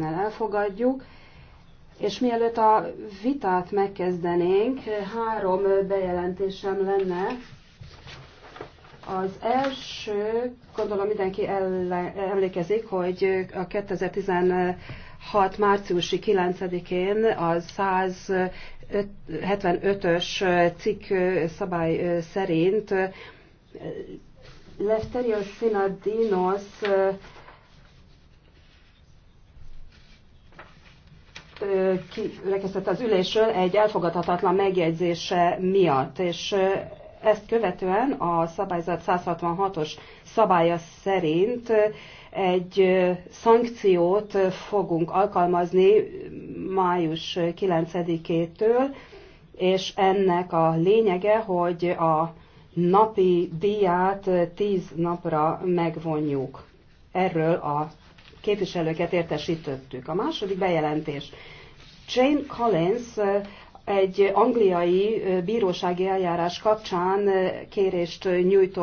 elfogadjuk. És mielőtt a vitát megkezdenénk, három bejelentésem lenne. Az első, gondolom mindenki emlékezik, hogy a 2016. márciusi 9-én a 175-ös cikk szabály szerint Lefterios Sinadinos kirekesztett az ülésről egy elfogadhatatlan megjegyzése miatt, és ezt követően a szabályzat 166-os szabálya szerint egy szankciót fogunk alkalmazni május 9-től, és ennek a lényege, hogy a napi díját 10 napra megvonjuk. Erről a képviselőket értesítettük. A második bejelentés. Jane Collins egy angliai bírósági eljárás kapcsán kérést nyújtott